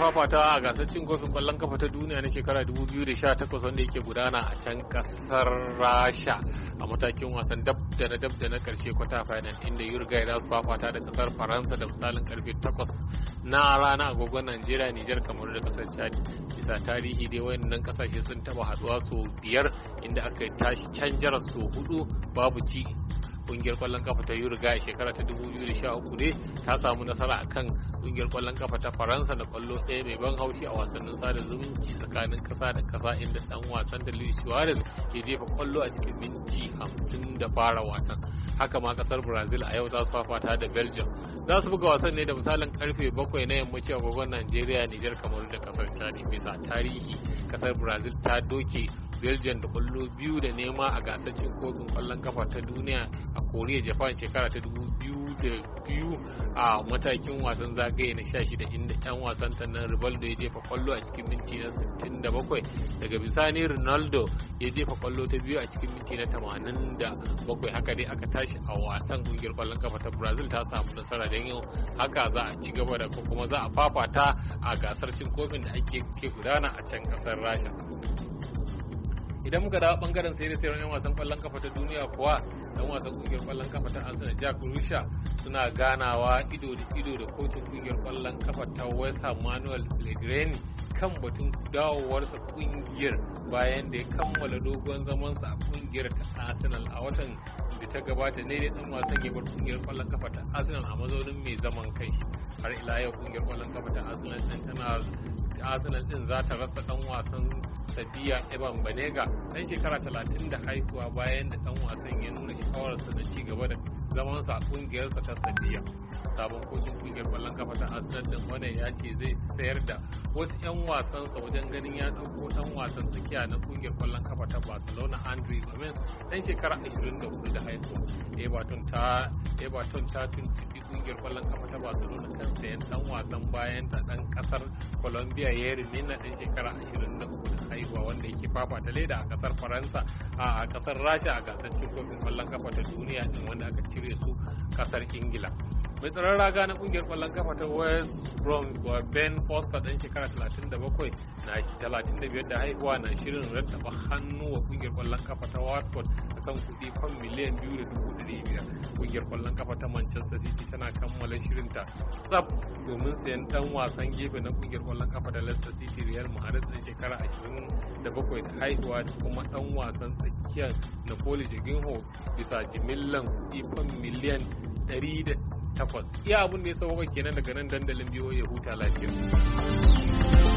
fafata a gasar cin kofin kwallon kafa ta duniya na shekara 2018 wanda yake gudana a can kasar rasha a matakin wasan dab da na dab da na karshe kwata final inda uruguay za su fafata da kasar faransa da misalin karfe 8 na rana agogon najeriya nijar kamar da kasar chad bisa tarihi dai wayannan kasashe sun taba haduwa sau biyar inda aka tashi can jarar sau hudu babu ci kungiyar kwallon kafa ta Uruguay shekara ta 2013 ne ta samu nasara a kan kungiyar kwallon kafa ta Faransa da kwallo ɗaya mai ban haushi a wasannin sada zumunci tsakanin kasa da kasa inda ɗan wasan da Luis Suarez ya jefa kwallo a cikin minti 50 da fara wasan. haka ma kasar brazil a yau za su fafata da belgium za su buga wasan ne da misalin karfe 7 na yammaci agogon nigeria nijar kamaru da kasar chad bisa tarihi kasar brazil ta doke belgium da kwallo biyu da nema a gasar cin kofin kwallon kafa ta duniya a korea japan shekara ta dubu biyu da biyu a matakin wasan zagaye na 16 inda 'yan wasan ta nan rivaldo ya jefa kwallo a cikin minti na bakwai daga bisani ronaldo ya jefa kwallo ta biyu a cikin minti na bakwai haka dai aka tashi a wasan kungiyar kwallon kafa ta brazil ta samu nasara don yau haka za a ci gaba da kuma za a fafata a gasar cin kofin da ake gudana a can kasar rasha idan muka dawo bangaren sai da sai yan wasan kwallon kafa ta duniya kuwa dan wasan kungiyar kwallon kafa ta Arsenal Jack Rusha suna ganawa ido da ido da kotun kungiyar kwallon kafa ta West Ham Manuel Pellegrini kan batun dawowarsa kungiyar bayan da ya kammala dogon zamansa a kungiyar ta Arsenal a watan da ta gabata ne dan wasan ya bar kungiyar kwallon kafa ta Arsenal a mazaunin mai zaman kai har ila yau kungiyar kwallon kafa ta Arsenal din tana Arsenal din za ta rasa dan wasan sabiya evan banega dan shekara talatin da haihuwa bayan da dan wasan ya nuna sha'awarsa da ci gaba da zamansa a sa ta sabiya sabon kocin kungiyar kwallon kafa ta arsenal din wannan ya ce zai sayar da wasu 'yan wasansa wajen ganin ya ɗauko ɗan wasan tsakiya na kungiyar kwallon kafa ta barcelona andre gomez dan shekara 24 da haihuwa everton ta everton ta tuntubi kungiyar kwallon kafa ta barcelona kan sayan ɗan wasan bayan ta ɗan ƙasar colombia ya rimina ɗan shekara 24 arewa wanda yake ta leda a kasar faransa a kasar rasha a gasar cin kofin kwallon kafa ta duniya din wanda aka cire su kasar ingila mai tsaron raga na kungiyar kwallon kafa ta west brom ben foster dan shekara 37 na 35 da haihuwa na shirin rattaba hannu wa kungiyar kwallon kafa ta watford akan kuɗi kwan miliyan 2.5 kungiyar kwallon kafa ta manchester shirin shirinta sab domin sayan dan wasan gefe na kungiyar kwallon kafa da Leicester City Real Madrid na shekara 27 da bakwai haihuwa da kuma dan wasan tsakiyar Napoli Jorginho bisa jimillan kuɗi fan miliyan 108 iya abun da ya sauka kenan daga nan dandalin biyo ya huta lafiya.